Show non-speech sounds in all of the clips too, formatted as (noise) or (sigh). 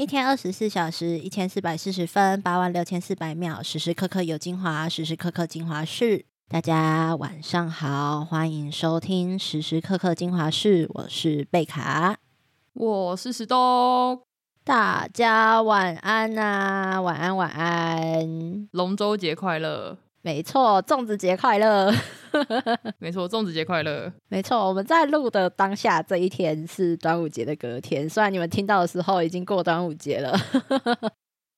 一天二十四小時，一千四百四十分，八萬六千四百秒，時時刻刻有精華，時時刻刻精華室。大家晚上好，歡迎收聽《時時刻刻精華室》，我是蓓卡，我是石咚，大家晚安啊晚安、晚安，龍舟節快樂。沒錯，粽子節快樂！ (laughs) 沒錯，粽子節快樂！沒錯，我們在錄的當下這一天是端午節的隔天，雖然你們聽到的時候已經過端午節了。 (laughs)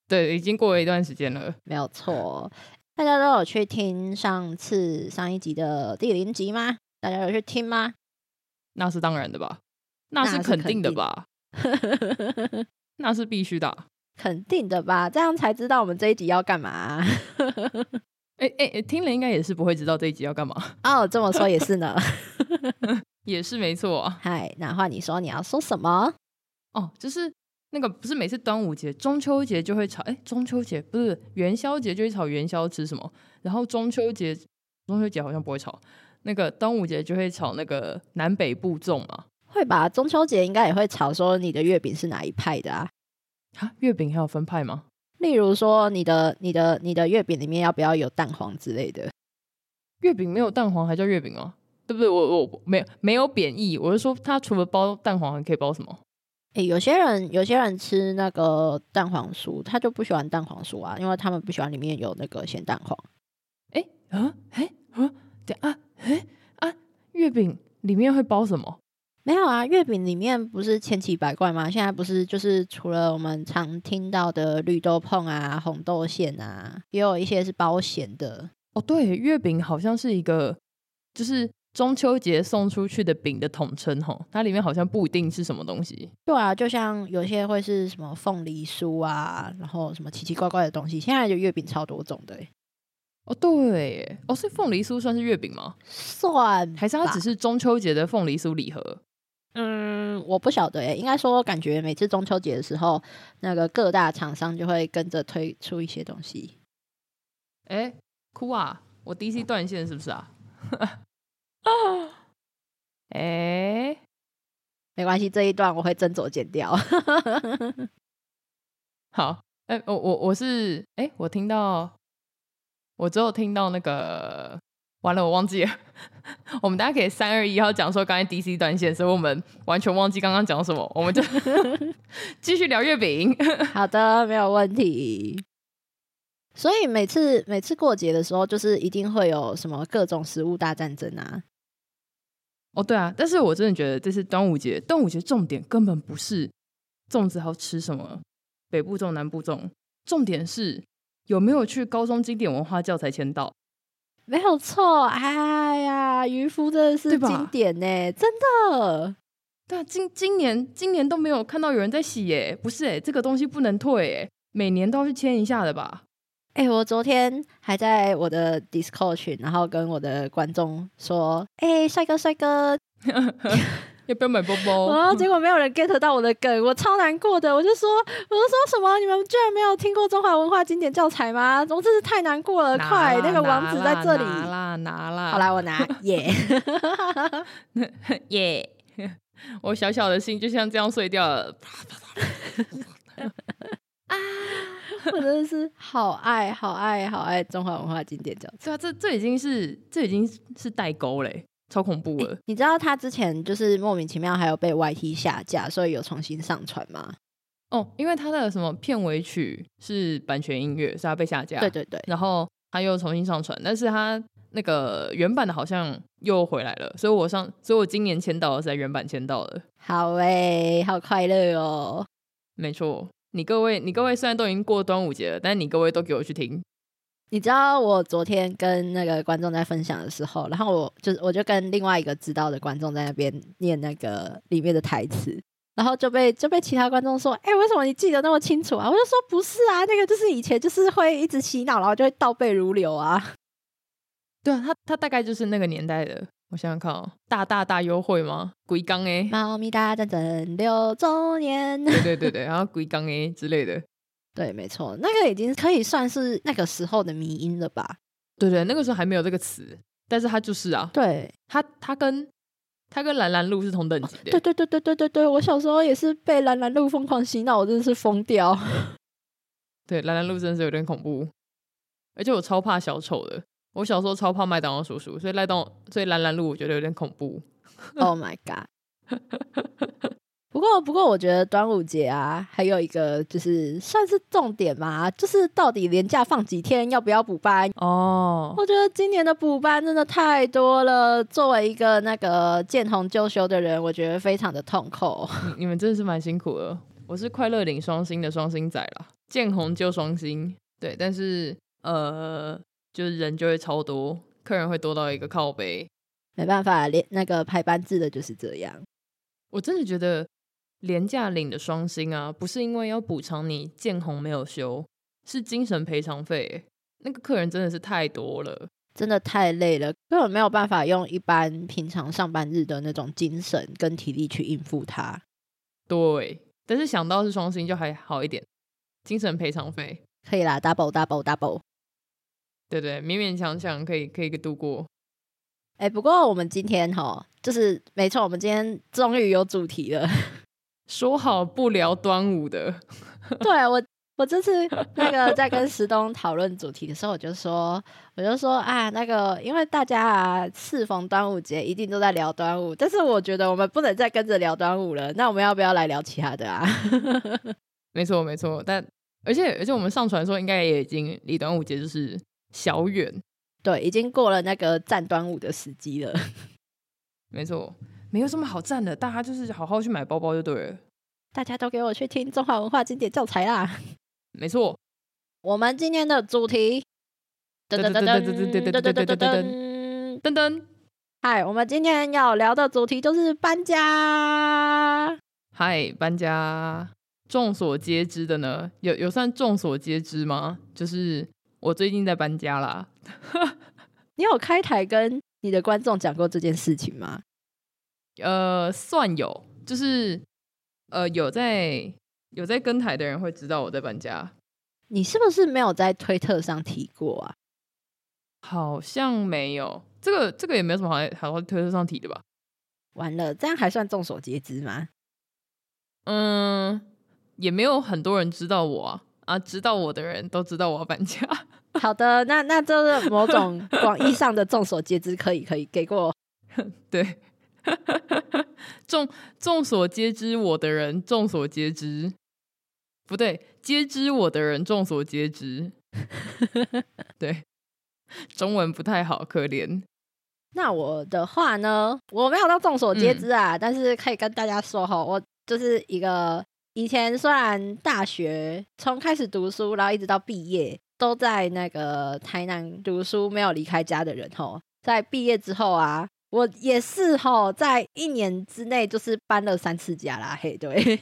對，已經過了一段時間了。沒有錯，大家都有去聽上次上一集的第零集嗎？大家有去聽嗎？那是當然的吧？那是肯定的吧？那是， (laughs) 那是必須的，肯定的吧？這樣才知道我們這一集要幹嘛。 (laughs) 哎哎，聽了應該也是不會知道這一集要幹嘛哦。Oh, 這麼說也是呢， (laughs) 也是沒錯啊。嗨，那話你說你要說什麼？哦，就是那個不是每次端午節、中秋節就會炒？哎，中秋節不是元宵節就會炒元宵吃什麼？然後中秋節，中秋節好像不會炒。那個端午節就會炒那個南北部粽嘛？會吧？中秋節應該也會炒，說你的月餅是哪一派的啊？啊，月餅還有分派嗎？例如說，你的、你的、你的月餅裡面要不要有蛋黃之類的？月餅沒有蛋黃還叫月餅啊？對不對？我我，我，我沒有沒有貶義，我是說它除了包蛋黃，還可以包什麼？誒、欸，有些人有些人吃那個蛋黃酥，他就不喜歡蛋黃酥啊，因為他們不喜歡裡面有那個鹹蛋黃。誒、欸，啊，誒，啊，對啊，誒，啊，月餅裡面會包什麼？沒有啊，月餅裡面不是千奇百怪嗎？現在不是就是除了我們常聽到的綠豆椪啊、紅豆餡啊，也有一些是包鹹的。哦，對，月餅好像是一個就是中秋節送出去的餅的統稱吼、哦，它裡面好像不一定是什麼東西。對啊，就像有些會是什麼鳳梨酥啊，然後什麼奇奇怪怪的東西，現在就月餅超多種的。哦，對，哦，所以鳳梨酥算是月餅嗎？算吧，還是它只是中秋節的鳳梨酥禮盒？嗯，我不曉得誒，應該說我感覺每次中秋節的時候，那個各大廠商就會跟着推出一些東西。哎、欸，哭啊！我 DC 斷線是不是啊？啊、 (laughs) 欸，哎，沒關係，這一段我會斟酌剪掉。 (laughs) 好，哎、欸，我我我是哎、欸，我聽到，我只有聽到那個。完了，我忘記了。 (laughs) 我們大概可以三二一，好，講說剛才 D C 斷線，所以我們完全忘記剛剛講什麼。我們就繼 (laughs) 續聊月餅。 (laughs) 好的，沒有問題。所以每次每次過節的時候，就是一定會有什麼各種食物大戰爭啊。哦，對啊，但是我真的覺得這是端午節。端午節重點根本不是粽子還要吃什麼，北部粽南部粽，重點是有沒有去高中經典文化教材簽到。沒有錯，哎呀，漁夫真的是經典呢、欸，對吧真的。對，今今年今年都沒有看到有人在洗耶、欸，不是哎、欸，這個東西不能退哎、欸，每年都要去簽一下的吧？哎、欸，我昨天還在我的 Discord 群，然後跟我的觀眾說，哎、欸，帥哥，帥哥。 (laughs) (laughs) 要不要買包包，oh, 嗯？然後結果沒有人 get 到我的梗，我超難過的。我就說，我就說什麼？你們居然沒有聽過中華文化經典教材嗎？我真是太難過了！啦快，啦那個王子在這裡，拿啦，拿啦。拿啦，好啦，我拿耶耶！ (laughs) Yeah (laughs) 我小小的心就像這樣碎掉了。 (laughs) 啊！我真的是好愛好愛好愛中華文化經典教材。對啊、這這已經是這已經是代溝了、欸超恐怖了、欸！你知道他之前就是莫名其妙還有被 YT 下架，所以有重新上傳嗎？哦，因為他的什麼片尾曲是版權音樂，所以他被下架。對對對，然後他又重新上傳，但是他那個原版的好像又回來了，所以我上，所以我今年簽到的是在原版簽到的。好誒、欸，好快樂哦！沒錯，你各位，你各位雖然都已經過端午節了，但你各位都給我去聽。你知道我昨天跟那個觀眾在分享的時候，然後我就我就跟另外一個知道的觀眾在那邊念那個裡面的台詞，然後就被就被其他觀眾說：“哎、欸，為什麼你記得那麼清楚啊？”我就說：“不是啊，那個就是以前就是會一直洗腦，然後就會倒背如流啊。”對啊，他他大概就是那個年代的，我想想看哦，大大大優惠嗎？鬼剛欸，貓咪大戰爭六週年， (laughs) 對對對對，然後鬼剛欸之類的。對，沒錯，那個已經可以算是那個時候的迷因了吧？對對，那個時候還沒有這個詞，但是他就是啊，對，他他跟他跟藍藍路是同等級的。哦，對對對對對對對，我小時候也是被藍藍路瘋狂洗腦，我真的是瘋掉。對，藍藍路真的是有點恐怖，而且我超怕小丑的，我小時候超怕麥當勞叔叔，所以賴當，所以藍藍路我覺得有點恐怖。Oh my god！ (laughs) 不過不過，不過我覺得端午節啊，還有一個就是算是重點嘛，就是到底連假放幾天，要不要補班哦？Oh. 我覺得今年的補班真的太多了。作為一個那個見紅就休的人，我覺得非常的痛苦。你們真的是蠻辛苦的。我是快樂領雙薪的雙薪仔啦，見紅就雙薪。對，但是呃，就是人就會超多，客人會多到一個靠背，沒辦法，連那個排班制的就是這樣。我真的覺得。廉價領的雙薪啊，不是因為要補償你見紅沒有休，是精神賠償費。那個客人真的是太多了，真的太累了，根本沒有辦法用一般平常上班日的那種精神跟體力去應付他。對，但是想到是雙薪就還好一點，精神賠償費可以啦，double double double。對，對對，勉勉強強可以可以一個度過。哎、欸，不過我們今天哈，就是沒錯，我們今天終於有主題了。說好不聊端午的。對，對我，我這次那個在跟石咚討論主題的時候，我就說，我就說啊，那個因為大家啊，適逢端午節，一定都在聊端午，但是我覺得我們不能再跟着聊端午了，那我們要不要來聊其他的啊？沒錯，沒錯，但而且而且我們上傳的時候，應該也已經離端午節就是小遠，對，已經過了那個戰端午的時機了，沒錯。沒有什麼好讚的，大家就是好好去買包包就對了。大家都給我去聽中華文化經典教材啦！沒錯，我們今天的主題噔噔噔噔噔噔噔噔噔噔噔噔噔。嗨，我們今天要聊的主題就是搬家。嗨，搬家，眾所皆知的呢？有有算眾所皆知嗎？就是我最近在搬家啦。你有開台跟你的觀眾講過這件事情嗎？呃，算有，就是呃，有在有在跟台的人會知道我在搬家。你是不是沒有在推特上提過啊？好像沒有，這個這個也沒有什麼好在好在推特上提的吧？完了，這樣還算眾所皆知嗎？嗯，也沒有很多人知道我啊，啊，知道我的人都知道我要搬家。好的，那那就是某種廣義上的眾所皆知，可以可以給過 (laughs) 對。哈，眾眾 (laughs) 所皆知我的人，眾所皆知，不對，皆知我的人，眾所皆知。 (laughs) 對，中文不太好，可憐。那我的話呢？我沒有到眾所皆知啊，嗯、但是可以跟大家說哈，我就是一個以前雖然大學從開始讀書，然後一直到畢業都在那個台南讀書，沒有離開家的人。吼，在畢業之後啊。我也是吼，在一年之內就是搬了三次家啦，嘿，對，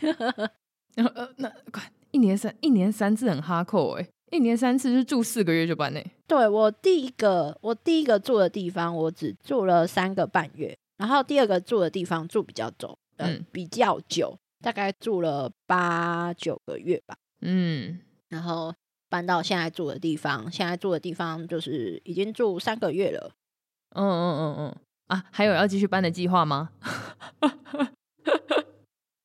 然後呃，那快一年三一年三次很哈扣哎，一年三次是住四個月就搬嘞、欸。對，我第一個我第一個住的地方我只住了三個半月，然後第二個住的地方住比較久，嗯，呃、比較久，大概住了八九個月吧，嗯，然後搬到現在住的地方，現在住的地方就是已經住三個月了，嗯嗯嗯嗯。啊，還有要繼續搬的計劃嗎？ (laughs)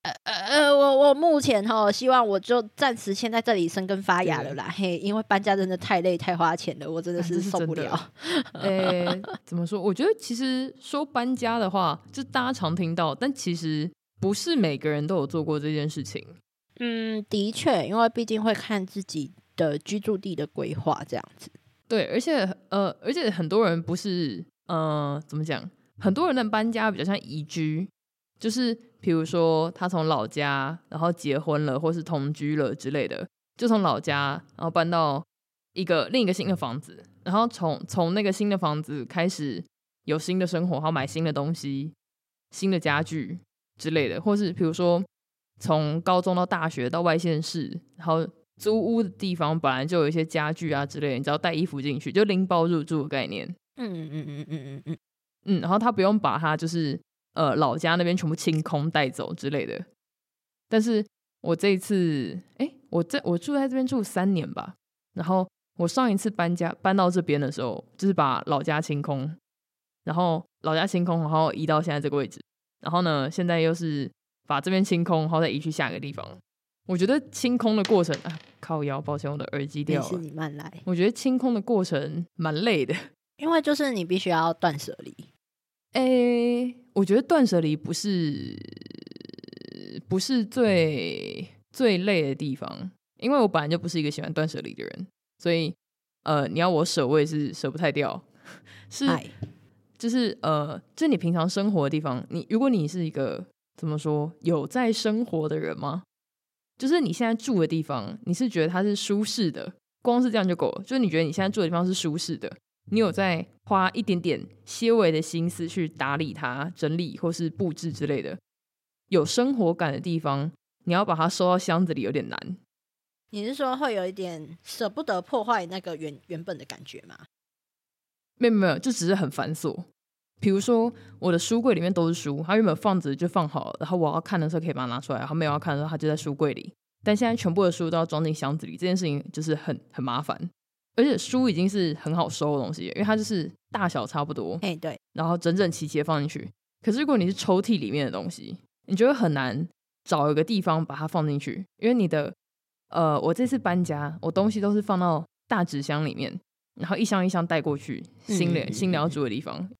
呃呃，我我目前哈，希望我就暫時先在這裡生根發芽了啦。了嘿，因為搬家真的太累太花錢了，我真的是受不了。哎、啊欸，怎麼說？我覺得其實說搬家的話，就大家常聽到，但其實不是每個人都有做過這件事情。嗯，的確，因為畢竟會看自己的居住地的規劃這樣子。對，而且呃，而且很多人不是呃，怎麼講？很多人的搬家比較像移居，就是比如說他從老家，然後結婚了，或是同居了之類的，就從老家然後搬到一個另一個新的房子，然後從從那個新的房子開始有新的生活，然後買新的東西、新的家具之類的，或是比如說從高中到大學到外縣市，然後租屋的地方本來就有一些家具啊之類的，你只要帶衣服進去就拎包入住的概念。嗯嗯嗯嗯嗯嗯。嗯嗯嗯，然後他不用把他就是呃老家那邊全部清空帶走之類的。但是我這一次，哎，我在我住在這邊住三年吧。然後我上一次搬家搬到這邊的時候，就是把老家清空，然後老家清空，然後移到現在這個位置。然後呢，現在又是把這邊清空，然後再移去下一個地方。我覺得清空的過程啊，靠腰，抱歉，我的耳機掉了。也是你慢來。我覺得清空的過程蠻累的，因為就是你必須要斷舍離。哎、欸，我覺得斷捨離不是，不是最最累的地方，因為我本來就不是一個喜歡斷捨離的人，所以呃，你要我捨，我也是捨不太掉。是，Hi. 就是呃，就你平常生活的地方，你如果你是一個怎麼說有在生活的人嗎？就是你現在住的地方，你是覺得它是舒適的，光是這樣就夠了，就是你覺得你現在住的地方是舒適的。你有在花一點點些微的心思去打理它、整理或是佈置之類的，有生活感的地方，你要把它收到箱子裡有點難。你是說會有一點舍不得破壞那個原原本的感覺嗎？沒有沒有，就只是很繁瑣。比如說我的書櫃裡面都是書，它原本放着就放好了，然後我要看的時候可以把它拿出來，然後沒有要看的時候它就在書櫃裡。但現在全部的書都要裝進箱子裡，這件事情就是很很麻煩。而且書已經是很好收的東西，因為它就是大小差不多，哎、欸，對。然後整整齊齊的放進去。可是如果你是抽屜裡面的東西，你就會很難找一個地方把它放進去，因為你的……呃，我這次搬家，我東西都是放到大紙箱裡面，然後一箱一箱帶過去新新聊住的地方。嗯、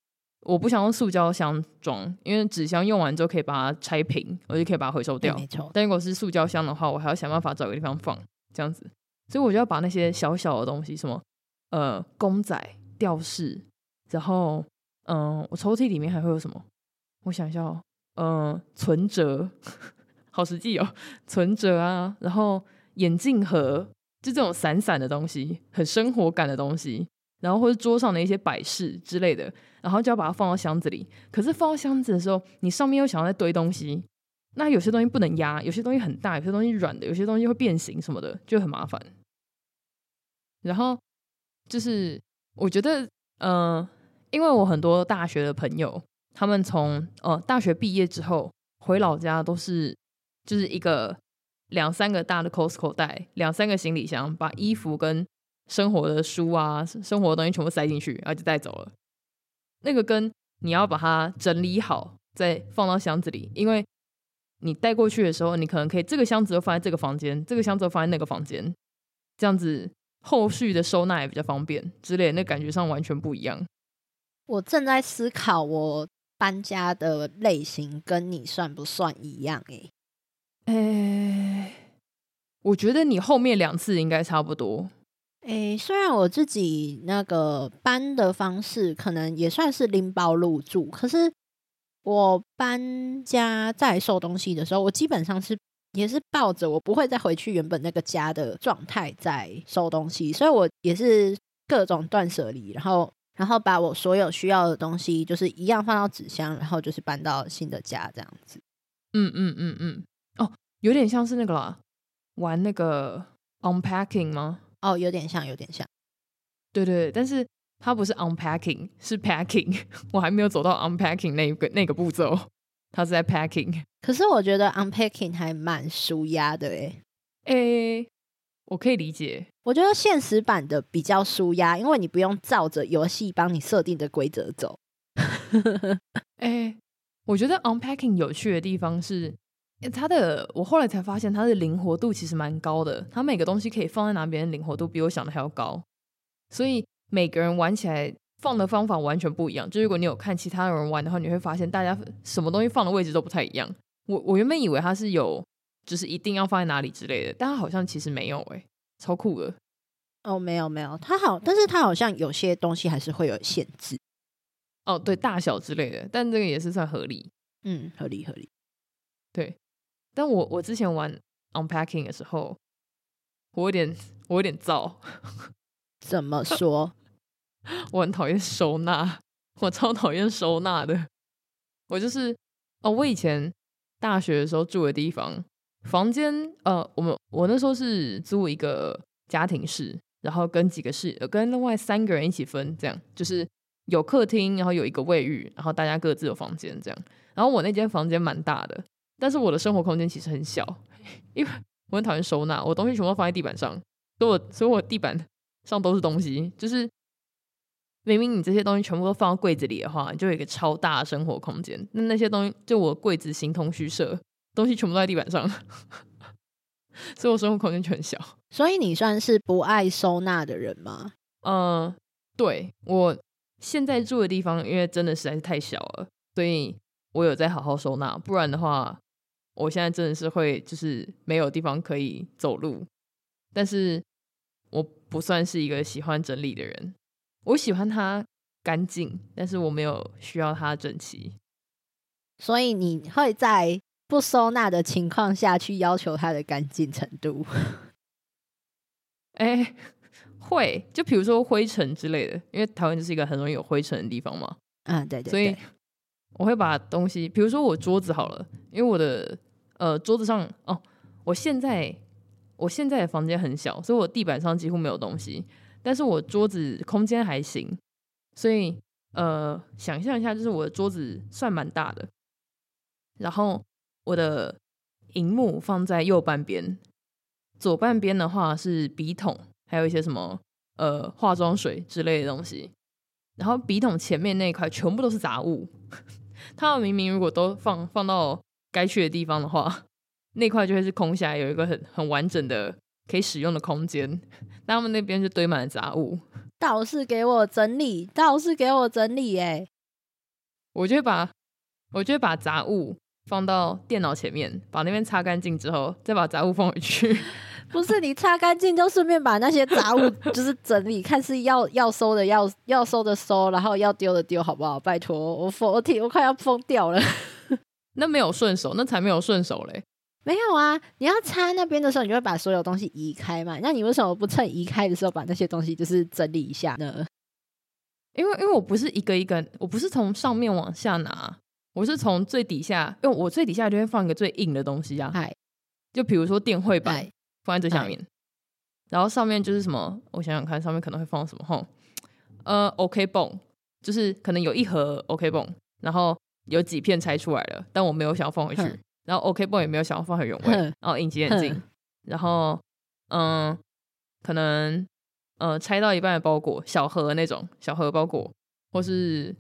我不想用塑膠箱裝，因為紙箱用完之後可以把它拆平，而且可以把它回收掉。沒錯。但如果是塑膠箱的話，我還要想辦法找一個地方放，這樣子。所以我就要把那些小小的東西，什麼呃，公仔、吊飾，然後嗯、呃，我抽屜裡面還會有什麼？我想一下哦，嗯、呃，存摺，好實際哦，存摺啊，然後眼鏡盒，就這種散散的東西，很生活感的東西，然後或者桌上的一些擺飾之類的，然後就要把它放到箱子裡。可是放到箱子的時候，你上面又想要再堆東西。那有些東西不能壓，有些東西很大，有些東西軟的，有些東西會變形什麼的，就很麻煩。然後就是，我覺得，嗯、呃，因為我很多大學的朋友，他們從呃大學畢業之後回老家，都是就是一個兩三個大的 Costco 袋，兩三個行李箱，把衣服跟生活的書啊、生活的東西全部塞進去，然後就帶走了。那個跟你要把它整理好，再放到箱子裡，因為。你帶過去的時候，你可能可以這個箱子就放在這個房間，這個箱子放在那個房間，這樣子後續的收納也比較方便之類的。那感覺上完全不一樣。我正在思考，我搬家的類型跟你算不算一樣、欸？哎、欸，我覺得你後面兩次應該差不多。誒、欸，雖然我自己那個搬的方式可能也算是拎包入住，可是。我搬家在收東西的時候，我基本上是也是抱着我不會再回去原本那個家的狀態在收東西，所以我也是各種斷捨離，然後然後把我所有需要的東西就是一樣放到紙箱，然後就是搬到新的家這樣子。嗯嗯嗯嗯，哦，有點像是那個啦，玩那個 unpacking 嗎？哦，有點像，有點像。對對對，但是。它不是 unpacking，是 packing。 (laughs) 我還沒有走到 unpacking 那個那個步驟，它是在 packing。可是我覺得 unpacking 還蠻舒壓的欸,欸。我可以理解。我覺得現實版的比較舒壓，因為你不用照着遊戲幫你設定的規則走。哎、 (laughs) 欸，我覺得 unpacking 有趣的地方是，它的我後來才發現它的靈活度其實蠻高的，它每個東西可以放在哪邊，靈活度比我想的還要高，所以。每個人玩起來放的方法完全不一樣。就如果你有看其他人玩的話，你會發現大家什麼東西放的位置都不太一樣。我我原本以為它是有，就是一定要放在哪裡之類的，但它好像其實沒有哎、欸，超酷的。哦，沒有沒有，它好，但是它好像有些東西還是會有限制。哦，對，大小之類的，但這個也是算合理，嗯，合理合理。對，但我我之前玩 unpacking 的時候，我有點我有點糟。 (laughs) 怎麼說？ (laughs) 我很討厭收納，我超討厭收納的。我就是哦，我以前大學的時候住的地方，房間呃，我們我那時候是租一個家庭式，然後跟幾個室，跟另外三個人一起分，這樣就是有客廳，然後有一個衛浴，然後大家各自有房間這樣。然後我那間房間蠻大的，但是我的生活空間其實很小，因為我很討厭收納，我東西全部放在地板上，所以我所以我地板。上都是東西，就是明明你這些東西全部都放到櫃子裡的話，就有一個超大生活空間。那那些東西，就我櫃子形同虛設，東西全部都在地板上， (laughs) 所以我生活空間就很小。所以你算是不愛收納的人嗎？嗯、呃，對我現在住的地方，因為真的實在是太小了，所以我有在好好收納。不然的話，我現在真的是會就是沒有地方可以走路。但是。不算是一個喜歡整理的人，我喜歡它乾淨，但是我沒有需要它整齊，所以你會在不收納的情況下去要求它的乾淨程度？哎、 (laughs) 欸，會，就比如說灰塵之類的，因為台灣就是一個很容易有灰塵的地方嘛。嗯，對，對，對，所以我會把東西，比如說我桌子，好了，因為我的呃桌子上哦，我現在。我現在的房間很小，所以我地板上幾乎沒有東西。但是我桌子空間還行，所以呃，想象一下，就是我的桌子算蠻大的。然後我的熒幕放在右半邊，左半邊的話是筆筒，還有一些什麼呃化妝水之類的東西。然後筆筒前面那一塊全部都是雜物。呵呵，它明明如果都放放到該去的地方的話。那塊就會是空下來，有一個很很完整的可以使用的空間。那他們那邊就堆滿了雜物。倒是給我整理，倒是給我整理、欸。哎，我就把我就把雜物放到電腦前面，把那邊擦乾淨之後，再把雜物放回去。不是你擦乾淨就順便把那些雜物 (laughs) 就是整理，看是要要收的要要收的收，然後要丟的丟，好不好？拜託，我否我天，我快要瘋掉了。 (laughs) 那沒有順手，那才沒有順手嘞。沒有啊！你要擦那邊的時候，你就會把所有東西移開嘛。那你為什麼不趁移開的時候把那些東西就是整理一下呢？因為因為我不是一個一個，我不是從上面往下拿，我是從最底下，因為我最底下就會放一個最硬的東西啊。Hi. 就比如說電繪板 Hi. 放在最下面，Hi. 然後上面就是什麼？我想想看，上面可能會放什麼？吼，呃，OK 繃，就是可能有一盒 OK 繃，然後有幾片拆出來了，但我沒有想要放回去。然後 OK 繃也沒有想要放回原位，哼然後隱形眼鏡，哼然後嗯、呃，可能呃拆到一半的包裹，小盒那種小盒包裹，或是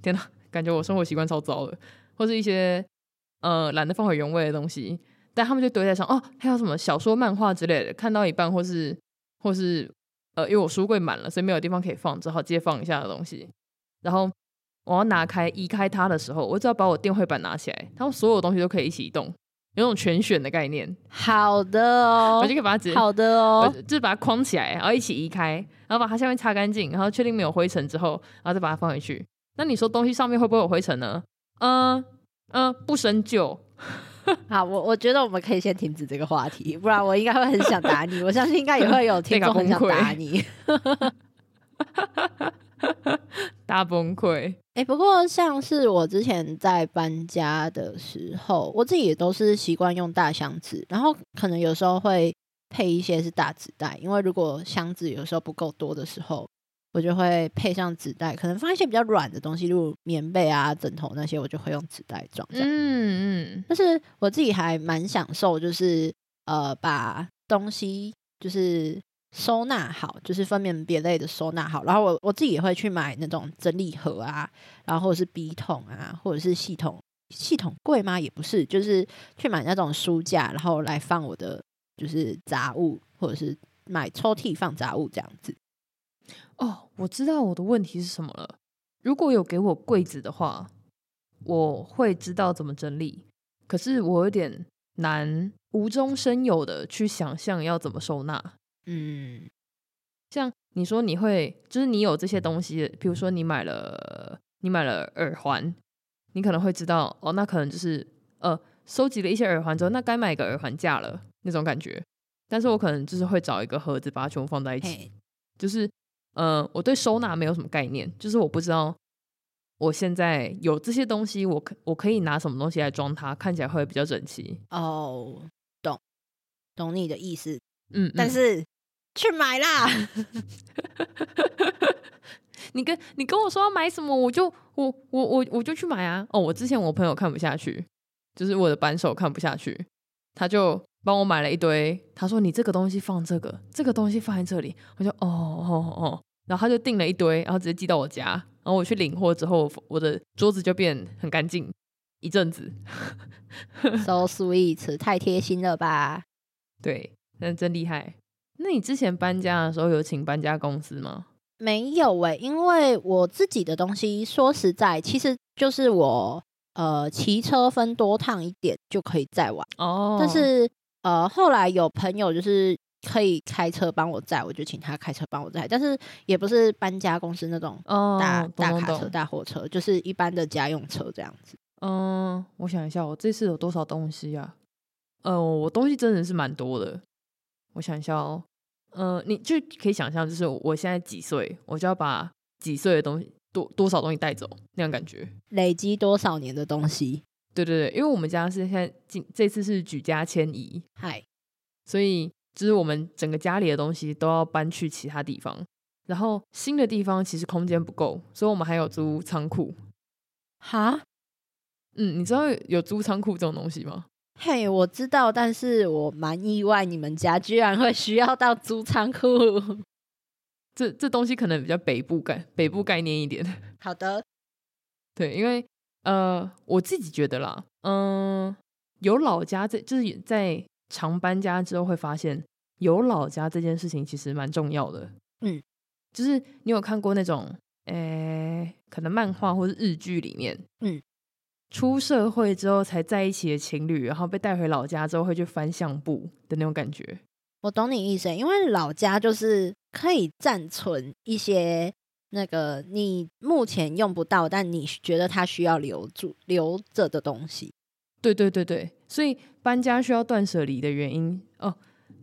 天哪，感覺我生活習慣超糟的，或是一些呃懶得放回原位的東西，但他們就堆在上，哦，還有什麼小說、漫畫之類的，看到一半或是或是呃，因為我書櫃滿了，所以沒有地方可以放，只好接放一下的東西，然後。我要拿開移開它的時候，我只要把我電繪板拿起來，它所有東西都可以一起移動，有一種全選的概念。好的哦，我就可以把它直接好的哦，就是把它框起來，然後一起移開，然後把它下面擦乾淨，然後確定沒有灰塵之後，然後再把它放回去。那你說東西上面會不會有灰塵呢？嗯、呃、嗯、呃，不深究。 (laughs) 好，我我覺得我們可以先停止這個話題，不然我應該會很想打你。我相信應該也會有聽眾很想打你。 (laughs) 大崩潰、欸。不過像是我之前在搬家的時候，我自己也都是習慣用大箱子，然後可能有時候會配一些是大紙袋，因為如果箱子有時候不夠多的時候，我就會配上紙袋，可能放一些比較軟的東西，例如棉被啊、枕頭那些，我就會用紙袋裝下嗯。嗯嗯。但是我自己還蠻享受，就是呃，把東西就是。收納好，就是分門別類的收納好。然後我我自己也會去買那種整理盒啊，然後或是筆筒啊，或者是系統系統櫃嗎？也不是，就是去買那種書架，然後來放我的就是雜物，或者是買抽屜放雜物這樣子。哦，我知道我的問題是什麼了。如果有給我櫃子的話，我會知道怎麼整理。可是我有點難無中生有的去想象要怎麼收納。嗯，像你說，你會就是你有這些東西，比如說你買了你買了耳環，你可能會知道哦，那可能就是呃，收集了一些耳環之後，那該買一個耳環架了那種感覺。但是我可能就是會找一個盒子把它全部放在一起，嘿就是呃，我對收納沒有什麼概念，就是我不知道我現在有這些東西，我可我可以拿什麼東西來裝它，看起來會比較整齊。哦，懂，懂你的意思，嗯，但是。嗯去買啦！ (laughs) 你跟你跟我說要買什麼我，我就我我我我就去買啊。哦，我之前我朋友看不下去，就是我的扳手看不下去，他就幫我買了一堆。他說：“你這個東西放這個，這個東西放在這裡。”我就哦哦哦。哦哦，然後他就訂了一堆，然後直接寄到我家。然後我去領貨之後，我的桌子就變很乾淨一陣子。 (laughs) So sweet，太貼心了吧？對，那真厲害。那你之前搬家的時候有請搬家公司嗎？沒有哎、欸，因為我自己的東西，說實在，其實就是我呃騎車分多趟一點就可以載完哦。但是呃後來有朋友就是可以開車幫我載，我就請他開車幫我載。但是也不是搬家公司那種大、哦、大，大卡車大貨車，懂懂懂，就是一般的家用車這樣子。嗯，我想一下，我這次有多少東西呀、啊？嗯、呃，我東西真的是蠻多的。我想一下哦。呃，你就可以想象，就是我現在幾歲，我就要把幾歲的東西多多少東西帶走，那樣感覺，累積多少年的東西。啊，對對對，因為我們家是現在今這次是舉家遷移，嗨，所以就是我們整個家裡的東西都要搬去其他地方，然後新的地方其實空間不夠，所以我們還有租倉庫。哈，嗯，你知道有租倉庫這種東西嗎？嘿，hey, 我知道，但是我蠻意外，你們家居然會需要到租倉庫。 (laughs) 這這東西可能比較北部概，北部概念一點。好的，對，因為呃，我自己覺得啦，嗯、呃，有老家在，就是在常搬家之後會發現，有老家這件事情其實蠻重要的。嗯，就是你有看過那種，誒、欸，可能漫畫或是日劇裡面，嗯。出社會之後才在一起的情侶，然後被帶回老家之後會去翻相簿的那種感覺，我懂你意思。因為老家就是可以暫存一些那個你目前用不到但你覺得它需要留住留着的東西。對對對對，所以搬家需要斷捨離的原因哦，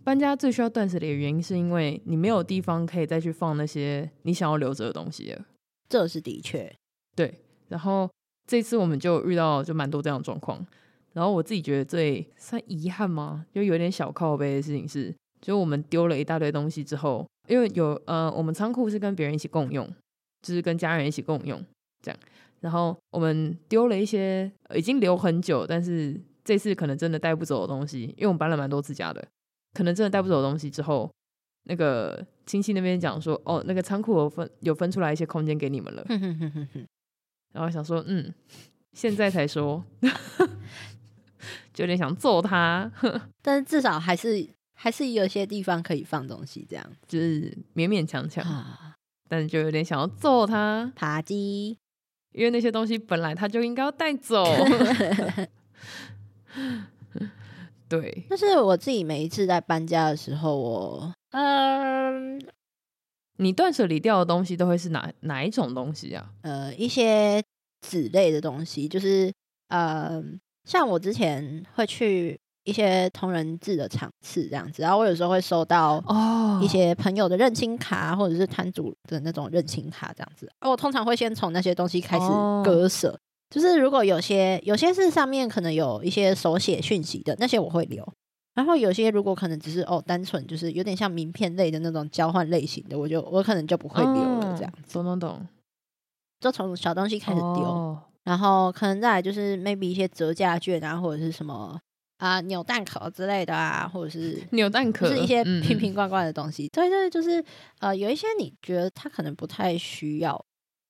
搬家最需要斷捨離的原因是因為你沒有地方可以再去放那些你想要留着的東西了。這是的確。對，然後。這次我們就遇到就蠻多這樣的狀況，然後我自己覺得這算遺憾嗎？就有點小靠背的事情是，就我們丟了一大堆東西之後，因為有呃，我們倉庫是跟別人一起共用，就是跟家人一起共用這樣，然後我們丟了一些、呃、已經留很久，但是這次可能真的帶不走的東西，因為我們搬了蠻多自家的，可能真的帶不走的東西之後，那個親戚那邊講說，哦，那個倉庫有分有分出來一些空間給你們了。 (laughs) 然後想說，嗯，現在才說， (laughs) 就有點想揍他。但是至少還是還是有些地方可以放東西，這樣就是勉勉強強。啊、但是就有點想要揍他，扒雞葉，因為那些東西本來他就應該要帶走。 (laughs) (laughs) 對。但是我自己每一次在搬家的時候我，我嗯。你斷捨離掉的東西都會是哪哪一種東西啊？呃，一些紙類的東西，就是呃，像我之前會去一些同人志的場次這樣子，然後我有時候會收到哦一些朋友的認親卡，Oh. 或者是攤主的那種認親卡這樣子，而我通常會先從那些東西開始割捨，Oh. 就是如果有些有些是上面可能有一些手寫訊息的那些我會留。然後有些如果可能只是哦單純就是有點像名片類的那種交換類型的，我就我可能就不會留了，這樣懂、哦、懂懂，就從小東西開始丟，哦、然後可能再來就是 maybe 一些折價券啊，或者是什麼啊、呃、扭蛋殼之類的啊，或者是扭蛋殼，就是一些瓶瓶罐罐的東西，嗯、對對，就是呃有一些你覺得他可能不太需要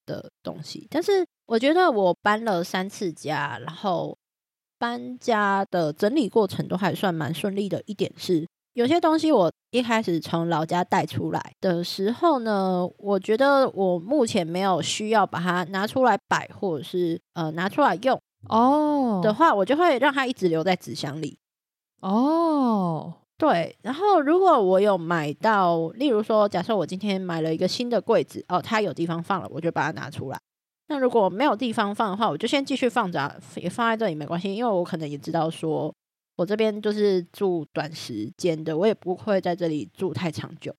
的東西，但是我覺得我搬了三次家，然後。搬家的整理過程都還算蠻順利的。一點是，有些東西我一開始從老家帶出來的時候呢，我覺得我目前沒有需要把它拿出來擺，或者是呃拿出來用哦的話，oh. 我就會讓它一直留在紙箱裡。哦，oh. 對。然後如果我有買到，例如說，假設我今天買了一個新的櫃子，哦，它有地方放了，我就把它拿出來。那如果沒有地方放的話，我就先繼續放着啊，也放在這裡沒關係，因為我可能也知道說，說我這邊就是住短時間的，我也不會在這裡住太長久。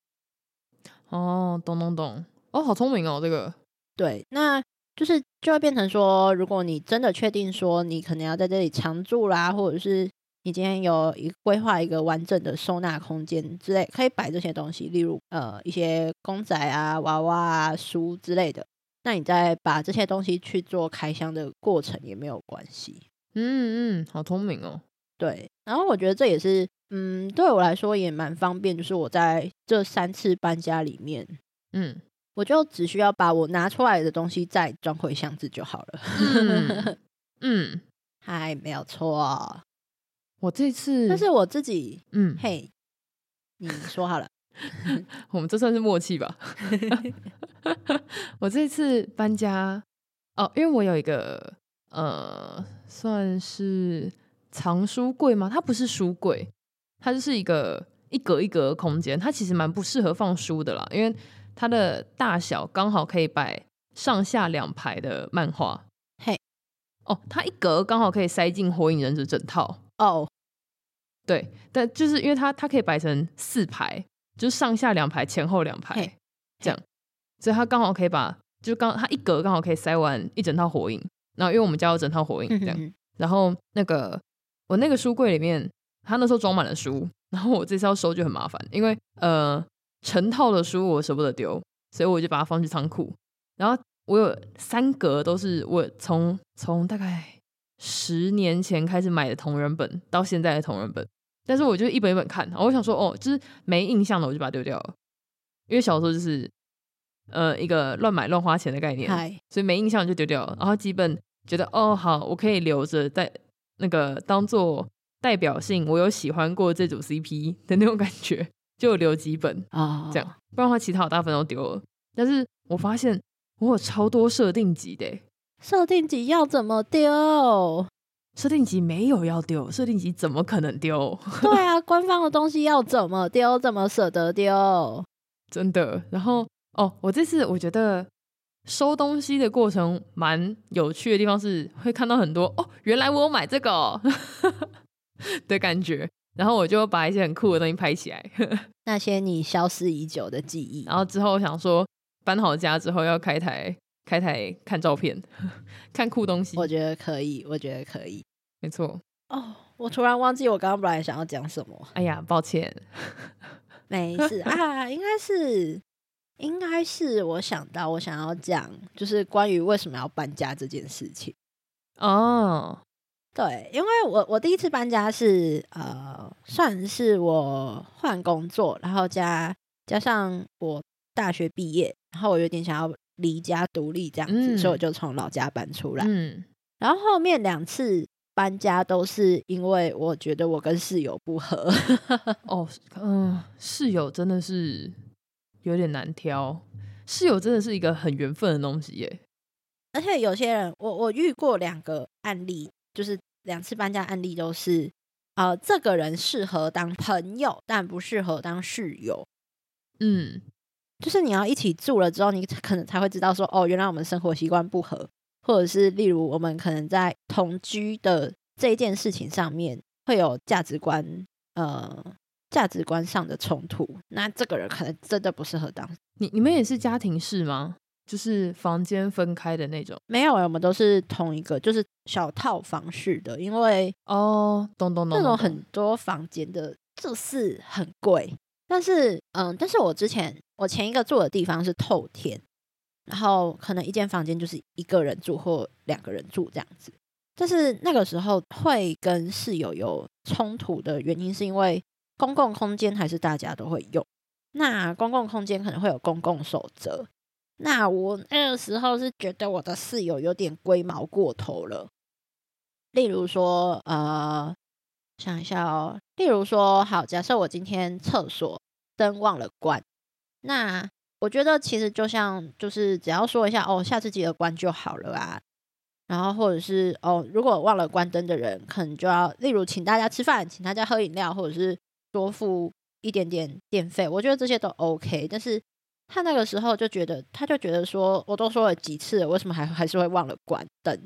哦，懂懂懂，哦，好聰明哦，這個。對，那就是就會變成說，如果你真的確定說你可能要在這裡常住啦，或者是你今天有一規劃一個完整的收納空間之類，可以擺這些東西，例如呃一些公仔啊、娃娃啊、書之類的。那你再把這些東西去做開箱的過程也沒有關係，嗯嗯，好聰明哦。對，然後我覺得這也是，嗯，對我來說也蠻方便，就是我在這三次搬家裡面，嗯，我就只需要把我拿出來的東西再裝回箱子就好了。 (laughs) 嗯，還，嗯，沒有錯哦。我這次，但是我自己，嗯，嘿，hey, 你說好了。 (laughs) (laughs) 我們這算是默契吧。 (laughs) 我這次搬家哦，因為我有一個呃，算是藏書櫃嗎？它不是書櫃，它就是一個一格一格的空間，它其實蠻不適合放書的啦，因為它的大小剛好可以擺上下兩排的漫畫。嘿，Hey. 哦，它一格剛好可以塞進《火影忍者》整套。哦，oh. 對，但就是因為它它可以擺成四排。就是上下兩排，前後兩排這樣，所以它剛好可以把，就剛它一格剛好可以塞完一整套火影。然後因為我們家有整套火影這樣，然後那個我那個書櫃裡面，他那時候裝滿了書，然後我這次要收就很麻煩，因為呃，成套的書我舍不得丟，所以我就把它放去倉庫。然後我有三格都是我從從大概十年前開始買的同人本到現在的同人本。但是我就一本一本看，我想說，哦，就是沒印象了，我就把它丟掉了，因為小時候就是呃一個亂買亂花錢的概念，Hi. 所以沒印象就丟掉了。然後幾本覺得哦，好，我可以留着在那個當做代表性，我有喜歡過這組 CP 的那種感覺，就留幾本啊、oh. 這樣，不然的話其他大部分都丟了。但是我發現我有超多設定集的、欸、設定集要怎麼丟？設定集沒有要丟。設定集怎麼可能丟？對啊， (laughs) 官方的東西要怎麼丟？怎麼捨得丟？真的。然後哦，我這次我覺得收東西的過程蠻有趣的地方是，會看到很多哦，原來我有買這個，哦， (laughs) 的感覺。然後我就把一些很酷的東西拍起來， (laughs) 那些你消失已久的記憶。然後之後我想說搬好家之後要開台。開台看照片，看酷東西，我覺得可以，我覺得可以，沒錯。哦，我突然忘記我剛剛本來想要講什麼。哎呀，抱歉。沒事 (laughs) 啊，應該是，應該是我想到我想要講，就是關於為什麼要搬家這件事情。哦，對，因為我我第一次搬家是呃，算是我換工作，然後加加上我大學畢業，然後我有點想要。離家獨立這樣子，嗯、所以我就從老家搬出來。嗯、然後後面兩次搬家都是因為我覺得我跟室友不合。哦，嗯、呃，室友真的是有點難挑，室友真的是一個很緣分的東西耶。而且有些人，我我遇過兩個案例，就是兩次搬家案例都是，啊、呃，這個人適合當朋友，但不適合當室友。嗯。就是你要一起住了之後，你可能才會知道說，哦，原來我們生活習慣不合，或者是例如我們可能在同居的這一件事情上面會有價值觀呃價值觀上的衝突，那這個人可能真的不適合當。你你們也是家庭式嗎？就是房間分開的那種？沒有欸，我們都是同一個，就是小套房式的。因為哦，咚咚咚，這種很多房間的，就是很貴。但是，嗯，但是我之前。我前一個住的地方是透天，然後可能一間房間就是一個人住或兩個人住這樣子。但是那個時候會跟室友有衝突的原因，是因為公共空間還是大家都會用。那公共空間可能會有公共守則。那我那個時候是覺得我的室友有點龜毛過頭了。例如說，呃，想一下哦，例如說，好，假設我今天廁所燈忘了關。那我覺得其實就像，就是只要說一下哦，下次記得關就好了啊。然後或者是哦，如果忘了關燈的人，可能就要例如請大家吃飯，請大家喝飲料，或者是多付一點點電費。我覺得這些都 OK。但是他那個時候就覺得，他就覺得說，我都說了幾次了，為什麼還還是會忘了關燈？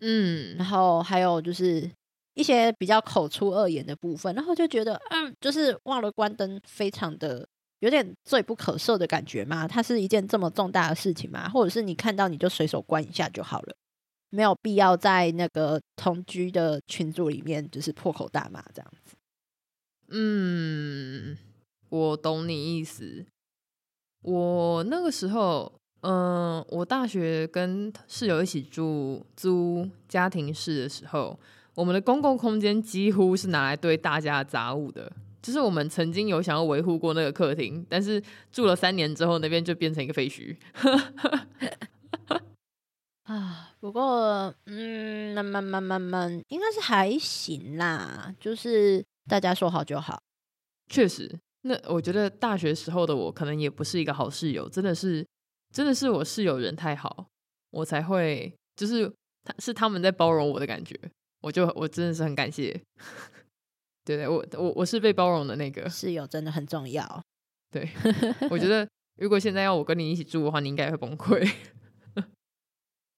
嗯，然後還有就是一些比較口出惡言的部分，然後就覺得嗯，就是忘了關燈，非常的。有點罪不可赦的感覺嗎？它是一件這麼重大的事情嗎？或者是你看到你就隨手關一下就好了。沒有必要在那個同居的群組裡面就是破口大罵這樣子。嗯，我懂你意思。我那個時候，嗯，我大學跟室友一起住租家庭室的時候，我們的公共空間幾乎是拿來堆大家的雜物的。就是我們曾經有想要維護過那個客廳，但是住了三年之後，那邊就變成一個廢墟。 (laughs) (laughs) 啊，不過嗯，慢慢慢慢慢，應該是還行啦。就是大家說好就好。確實，那我覺得大學時候的我可能也不是一個好室友，真的是，真的是我室友人太好，我才會就是他是他們在包容我的感覺，我就我真的是很感謝。 (laughs) 對對，我我我是被包容的那個。室友真的很重要。對，我覺得如果現在要我跟你一起住的話，你應該會崩潰。 (laughs)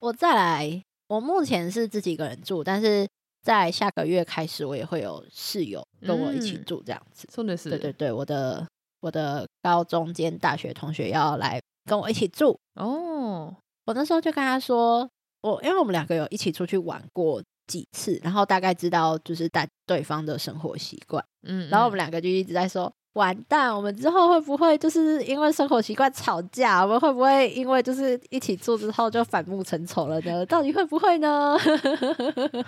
我再來，我目前是自己一個人住，但是在下個月開始，我也會有室友跟我一起住這樣子。真的是，對對對，我的我的高中兼大學同學要來跟我一起住哦。我那時候就跟他說，我因為我們兩個有一起出去玩過。幾次，然後大概知道就是大對方的生活習慣，嗯，然後我們兩個就一直在說，嗯、完蛋，我們之後會不會就是因為生活習慣吵架？我們會不會因為就是一起住之後就反目成仇了呢？到底會不會呢？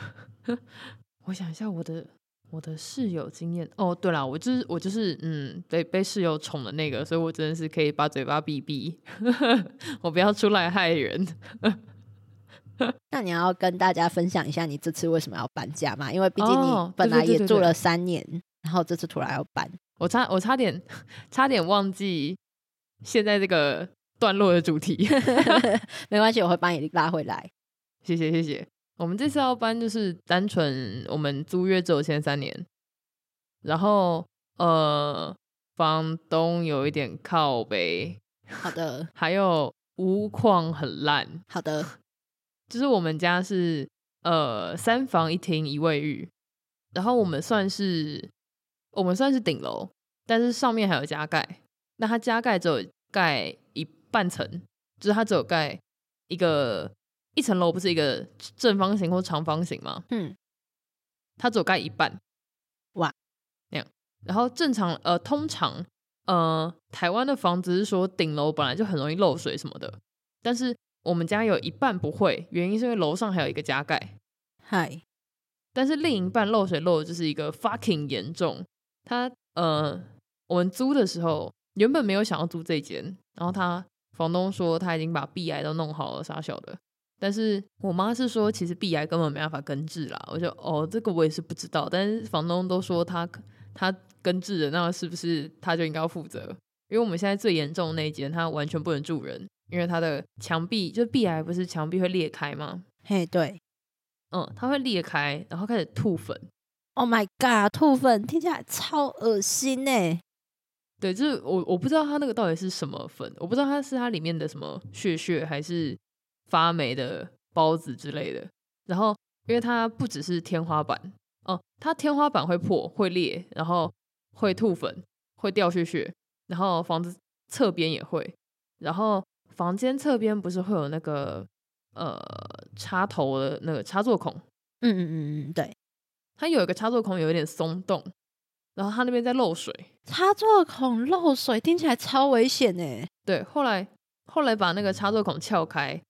(laughs) 我想一下，我的我的室友經驗，哦，對了，我就是我就是嗯，被被室友寵的那個，所以我真的是可以把嘴巴閉閉， (laughs) 我不要出來害人。 (laughs) (laughs) 那你要跟大家分享一下你這次為什麼要搬家嘛？因為畢竟你本來也住了三年，哦、對對對對然後這次突然要搬，我差我差點差點忘記現在這個段落的主題。 (laughs) (laughs) 沒關係，我會幫你拉回來。謝謝謝謝。我們這次要搬就是單純我們租約只有簽三年，然後呃，房東有一點靠北。好的，還有屋況很爛，好的。就是我們家是呃三房一廳一衛浴，然後我們算是我們算是頂樓，但是上面還有加蓋。那它加蓋只有蓋一半層，就是它只有蓋一個一層樓不是一個正方形或長方形嗎？嗯，它只有蓋一半。哇、嗯，那樣。然後正常呃，通常呃，台灣的房子是說頂樓本來就很容易漏水什麼的，但是。我們家有一半不會，原因是因為樓上還有一個加蓋，嗨 Hi，但是另一半漏水漏的就是一個 fucking 嚴重。他呃，我們租的時候原本沒有想要租這間，然後他房東說他已經把壁癌都弄好了，啥小的。但是我媽是說其實壁癌根本沒辦法根治啦。我就哦，這個我也是不知道，但是房東都說他他根治的，那是不是他就應該要負責？因為我們現在最嚴重的那一間，他完全不能住人。因為它的牆壁就是壁癌，不是牆壁會裂開嗎？嘿，對，嗯，它會裂開，然後開始吐粉。Oh my god，吐粉聽起來超惡心哎。對，就是我我不知道它那個到底是什麼粉，我不知道它是它裡面的什麼屑屑還是發霉的包子之類的。然後，因為它不只是天花板哦、嗯，它天花板會破會裂，然後會吐粉，會掉屑屑，然後房子側邊也會，然後。房間側邊不是會有那個呃插頭的那個插座孔？嗯嗯嗯嗯，對，它有一個插座孔有一點鬆動，然後它那邊在漏水。插座孔漏水聽起來超危險欸。對，後來後來把那個插座孔撬開，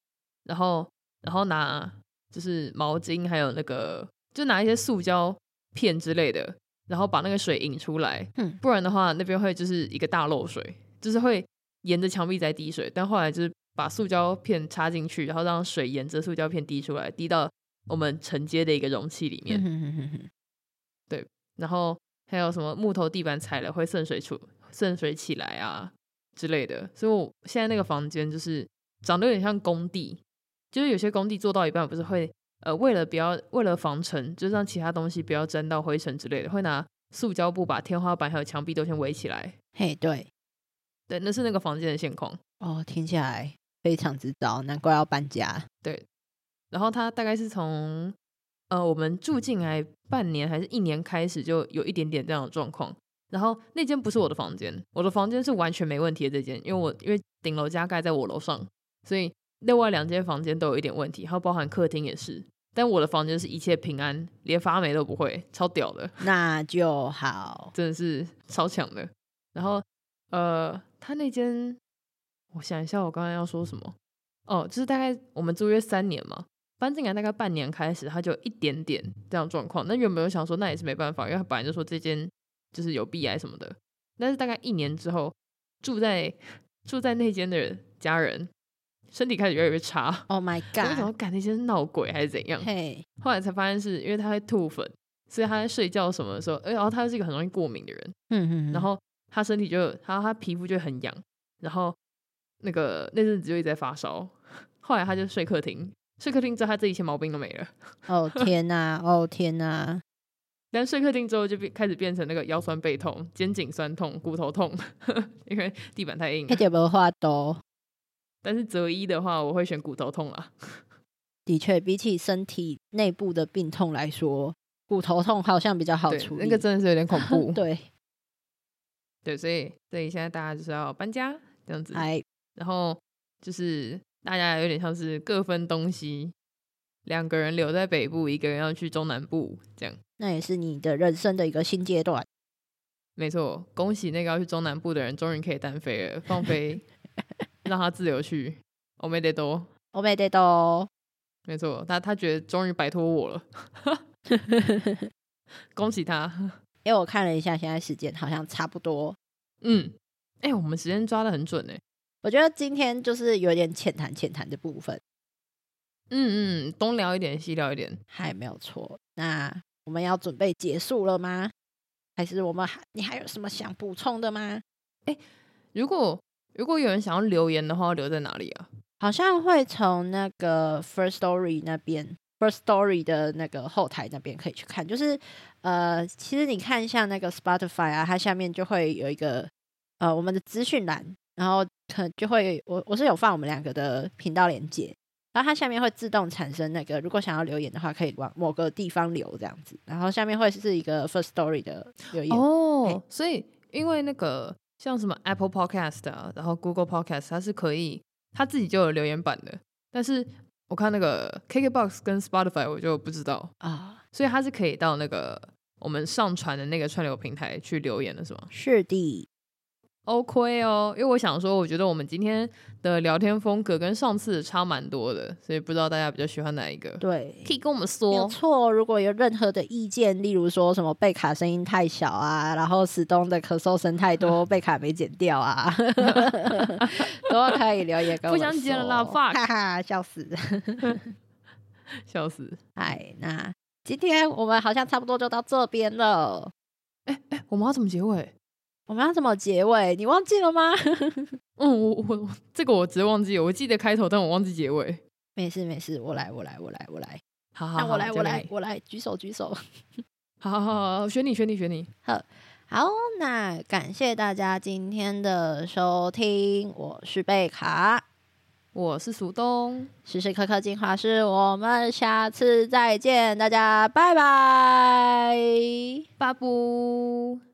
然後然後拿就是毛巾還有那個就拿一些塑膠片之類的，然後把那個水引出來。嗯，不然的話那邊會就是一個大漏水，就是會。沿着牆壁在滴水，但後來就是把塑膠片插進去，然後讓水沿着塑膠片滴出來，滴到我們承接的一個容器裡面。 (laughs) 對，然後還有什麼木頭地板踩了會滲水出滲水起來啊之類的。所以我現在那個房間就是長得有點像工地，就是有些工地做到一半不是會呃為了不要為了防塵，就讓其他東西不要沾到灰塵之類的，會拿塑膠布把天花板還有牆壁都先圍起來。嘿，hey, 對。對，那是那個房間的現況哦。聽起來非常之糟，難怪要搬家。對，然後它大概是從呃我們住進來半年還是一年開始，就有一點點這樣的狀況。然後那間不是我的房間，我的房間是完全沒問題的這間，因為我因為頂樓加蓋在我樓上，所以另外兩間房間都有一點問題，還有包含客廳也是。但我的房間是一切平安，連發霉都不會，超屌的。那就好，真的是超強的。然後呃。他那間，我想一下，我剛剛要說什麼？哦，就是大概我們租約三年嘛，搬進來大概半年開始，他就一點點這樣狀況。那原本我想說，那也是沒辦法，因為他本來就說這間就是有壁癌什麼的。但是大概一年之後，住在住在那間的人家人身體開始越來越差。Oh my god！我怎麼感覺是鬧鬼還是怎樣？Hey. 後來才發現是因為他會吐粉，所以他在睡覺什麼的時候，哎，然後他又是一個很容易過敏的人。嗯嗯，嗯嗯，然後。他身體就他他皮膚就很癢，然後那個那陣子就一直在發燒，後來他就睡客廳，睡客廳之後他這一切毛病都沒了。哦天哪、啊， (laughs) 哦天哪、啊！但睡客廳之後就變開始變成那個腰酸背痛、肩頸酸痛、骨頭痛， (laughs) 因為地板太硬了。他就不畫多？但是擇一的話，我會選骨頭痛了。 (laughs) 的確，比起身體內部的病痛來說，骨頭痛好像比較好處理。那個真的是有點恐怖。 (laughs) 對。對，所以，所以現在大家就是要搬家這樣子，Hi. 然後就是大家有點像是各分東西，兩個人留在北部，一個人要去中南部這樣。那也是你的人生的一個新階段。沒錯，恭喜那個要去中南部的人，終於可以單飛了，放飛， (laughs) 讓他自由去。歐梅德多，歐梅德多，沒錯，他他覺得終於擺脫我了， (laughs) 恭喜他。因為、欸、我看了一下，現在時間好像差不多。嗯，哎、欸，我們時間抓得很準哎、欸。我覺得今天就是有點淺談淺談的部分。嗯嗯，東聊一點，西聊一點，還沒有錯。那我們要準備結束了嗎？還是我們還你還有什麼想補充的嗎？哎、欸，如果如果有人想要留言的話，留在哪裡啊？好像會從那個 First Story 那邊。First story 的那個後台那邊可以去看，就是呃，其實你看一下那個 Spotify 啊，它下面就會有一個呃我們的資訊欄，然後可就會我我是有放我們兩個的頻道連結，然後它下面會自動產生那個，如果想要留言的話，可以往某個地方留這樣子，然後下面會是一個 First story 的留言哦。欸、所以因為那個像什麼 Apple Podcast 啊，然後 Google Podcast 它是可以它自己就有留言板的，但是。我看那個 KKBOX 跟 Spotify 我就不知道啊，所以它是可以到那個我們上傳的那個串流平台去留言的，是嗎？是的。OK 哦，因為我想說，我覺得我們今天的聊天風格跟上次差蠻多的，所以不知道大家比較喜歡哪一個。對，可以跟我們說。沒錯，如果有任何的意見，例如說什麼蓓卡聲音太小啊，然後石咚的咳嗽聲太多，蓓呵卡沒剪掉啊，都 (laughs) (laughs) 可以留言跟我們說。不想剪了啦，fuck，哈哈,， (laughs) (laughs) 笑死了,， (laughs) 笑死了。哎，那今天我們好像差不多就到這邊了。哎哎、欸欸，我們要怎麼結尾、欸？我們要怎麼結尾？你忘記了嗎？ (laughs) 嗯，我我這個我直接忘記，我記得開頭，但我忘記結尾。沒事沒事，我來我來我來我來。我來我來好，好，好，那我來尾我來我來，舉手舉手。好， (laughs) 好好好，選你選你選你。選你好，好，那感謝大家今天的收聽，我是蓓卡，我是石咚，時石刻刻精華室，我們下次再見，大家拜拜，巴布。